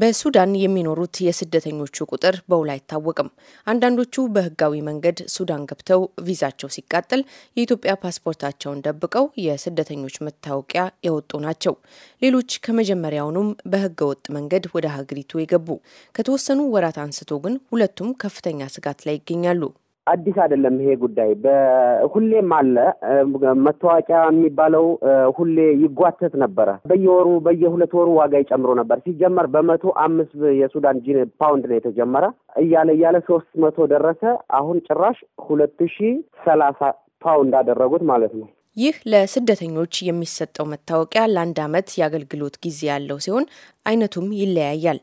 በሱዳን የሚኖሩት የስደተኞቹ ቁጥር በውል አይታወቅም። አንዳንዶቹ በህጋዊ መንገድ ሱዳን ገብተው ቪዛቸው ሲቃጠል የኢትዮጵያ ፓስፖርታቸውን ደብቀው የስደተኞች መታወቂያ የወጡ ናቸው። ሌሎች ከመጀመሪያውኑም በህገ ወጥ መንገድ ወደ ሀገሪቱ የገቡ ከተወሰኑ ወራት አንስቶ ግን ሁለቱም ከፍተኛ ስጋት ላይ ይገኛሉ። አዲስ አይደለም ይሄ ጉዳይ ሁሌም አለ። መታወቂያ የሚባለው ሁሌ ይጓተት ነበረ። በየወሩ በየሁለት ወሩ ዋጋ ይጨምሮ ነበር። ሲጀመር በመቶ አምስት የሱዳን ፓውንድ ነው የተጀመረ። እያለ እያለ ሶስት መቶ ደረሰ። አሁን ጭራሽ ሁለት ሺ ሰላሳ ፓውንድ አደረጉት ማለት ነው። ይህ ለስደተኞች የሚሰጠው መታወቂያ ለአንድ ዓመት የአገልግሎት ጊዜ ያለው ሲሆን አይነቱም ይለያያል።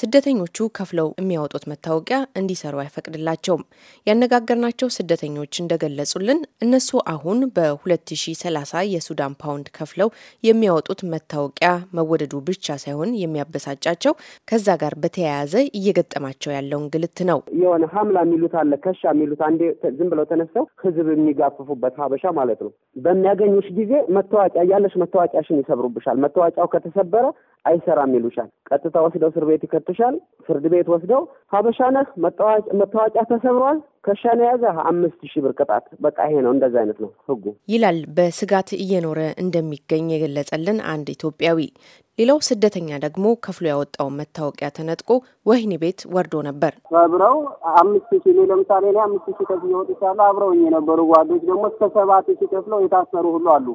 ስደተኞቹ ከፍለው የሚያወጡት መታወቂያ እንዲሰሩ አይፈቅድላቸውም። ያነጋገርናቸው ስደተኞች እንደገለጹልን እነሱ አሁን በ2030 የሱዳን ፓውንድ ከፍለው የሚያወጡት መታወቂያ መወደዱ ብቻ ሳይሆን የሚያበሳጫቸው ከዛ ጋር በተያያዘ እየገጠማቸው ያለው እንግልት ነው። የሆነ ሀምላ የሚሉት አለ፣ ከሻ የሚሉት አንዴ ዝም ብለው ተነስተው ህዝብ የሚጋፍፉበት ሀበሻ ማለት ነው። በሚያገኙሽ ጊዜ መታወቂያ እያለሽ መታወቂያሽን ይሰብሩብሻል። መታወቂያው ከተሰበረ አይሰራም ይሉሻል። ቀጥታ ወስደው እስር ቤት ይከትሻል። ፍርድ ቤት ወስደው ሀበሻ ነህ፣ መታወቂያ ተሰብሯል፣ ከሻን የያዘ አምስት ሺህ ብር ቅጣት። በቃ ይሄ ነው፣ እንደዚ አይነት ነው ህጉ ይላል። በስጋት እየኖረ እንደሚገኝ የገለጸልን አንድ ኢትዮጵያዊ። ሌላው ስደተኛ ደግሞ ከፍሎ ያወጣውን መታወቂያ ተነጥቆ ወህኒ ቤት ወርዶ ነበር። አብረው አምስት ሺ እኔ ለምሳሌ ላይ አምስት ሺ ከፍዬ ወጥቻለሁ። አብረውኝ የነበሩ ጓዶች ደግሞ እስከ ሰባት ሺ ከፍለው የታሰሩ ሁሉ አሉ።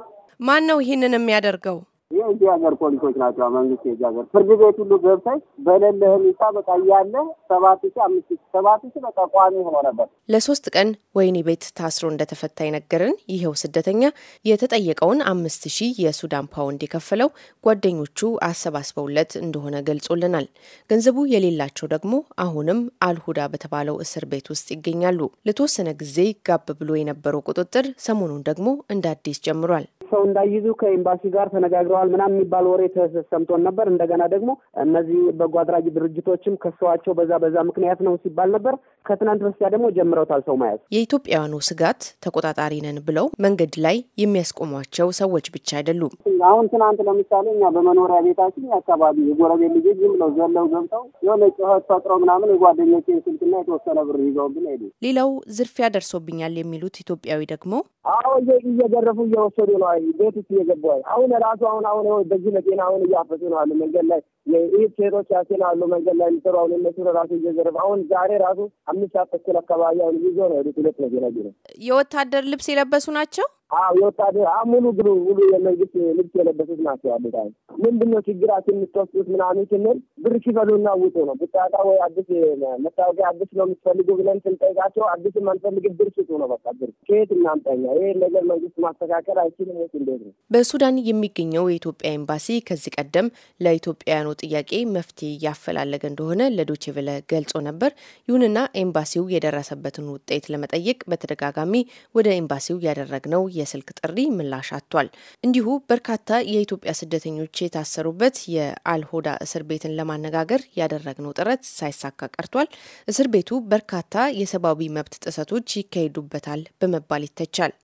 ማን ነው ይህንን የሚያደርገው? የዚህ ሀገር ፖሊሶች ናቸው። መንግስት የዚህ ሀገር ፍርድ ቤት ሁሉ ገብተሽ በሌለህ ሚሳ በቃ እያለ ሰባት ሺ አምስት ሺ ሰባት ሺ በቃ ቋሚ ሆኖ ነበር። ለሶስት ቀን ወህኒ ቤት ታስሮ እንደተፈታ የነገረን ይኸው ስደተኛ የተጠየቀውን አምስት ሺ የሱዳን ፓውንድ የከፈለው ጓደኞቹ አሰባስበውለት እንደሆነ ገልጾልናል። ገንዘቡ የሌላቸው ደግሞ አሁንም አልሁዳ በተባለው እስር ቤት ውስጥ ይገኛሉ። ለተወሰነ ጊዜ ጋብ ብሎ የነበረው ቁጥጥር ሰሞኑን ደግሞ እንደ አዲስ ጀምሯል። ሰው እንዳይዙ ከኤምባሲ ጋር ተነጋግረ ተይዘዋል ምናምን የሚባል ወሬ ተሰምቶን ነበር። እንደገና ደግሞ እነዚህ በጎ አድራጊ ድርጅቶችም ከሰዋቸው በዛ በዛ ምክንያት ነው ሲባል ነበር። ከትናንት በስቲያ ደግሞ ጀምረውታል ሰው መያዝ። የኢትዮጵያውያኑ ስጋት ተቆጣጣሪ ነን ብለው መንገድ ላይ የሚያስቆሟቸው ሰዎች ብቻ አይደሉም። አሁን ትናንት ለምሳሌ እኛ በመኖሪያ ቤታችን አካባቢ የጎረቤት ልጆች ዝም ብለው ዘለው ገብተው የሆነ ጩኸት ፈጥረው ምናምን የጓደኞችን ስልክና የተወሰነ ብር ይዘውብን ሄዱ። ሌላው ዝርፊያ ደርሶብኛል የሚሉት ኢትዮጵያዊ ደግሞ አሁ እየገረፉ እየወሰዱ ነው ቤት ውስጥ እየገቡ አሁን ራሱ አሁን አሁን አሁን በዚህ መኪና አሁን እያፈሱ ነው አሉ መንገድ ላይ ይህ ሴቶች ያሴን አሉ መንገድ ላይ የሚሰሩ አሁን እነሱ ራሱ እየዘረፉ አሁን ዛሬ ራሱ አምስት ሰዓት ተኩል አካባቢ አሁን ይዞ ነው ሄዱት። ሁለት መኪና ነው የወታደር ልብስ የለበሱ ናቸው። የወጣት ሙሉ ግሉ ሙሉ የመንግስት ልብስ የለበሱት ናቸው ያሉት። ምንድን ነው ችግራችን የምትወስዱት ምናምን ስንል ብር ሲፈሉና ውጡ ነው ብታጣ ወይ አዲስ መታወቂያ አዲስ ነው የምትፈልጉ ብለን ስንጠይቃቸው አዲስ አንፈልግ ብር ስጡ ነው በቃ ብር ከየት እናምጠኛ? ይህ ነገር መንግስት ማስተካከል አይችልም። የት እንዴት ነው? በሱዳን የሚገኘው የኢትዮጵያ ኤምባሲ ከዚህ ቀደም ለኢትዮጵያውያኑ ጥያቄ መፍትሄ እያፈላለገ እንደሆነ ለዶችቬለ ገልጾ ነበር። ይሁንና ኤምባሲው የደረሰበትን ውጤት ለመጠየቅ በተደጋጋሚ ወደ ኤምባሲው ያደረግነው የ የስልክ ጥሪ ምላሽ አጥቷል። እንዲሁ በርካታ የኢትዮጵያ ስደተኞች የታሰሩበት የአልሆዳ እስር ቤትን ለማነጋገር ያደረግነው ጥረት ሳይሳካ ቀርቷል። እስር ቤቱ በርካታ የሰብአዊ መብት ጥሰቶች ይካሄዱበታል በመባል ይተቻል።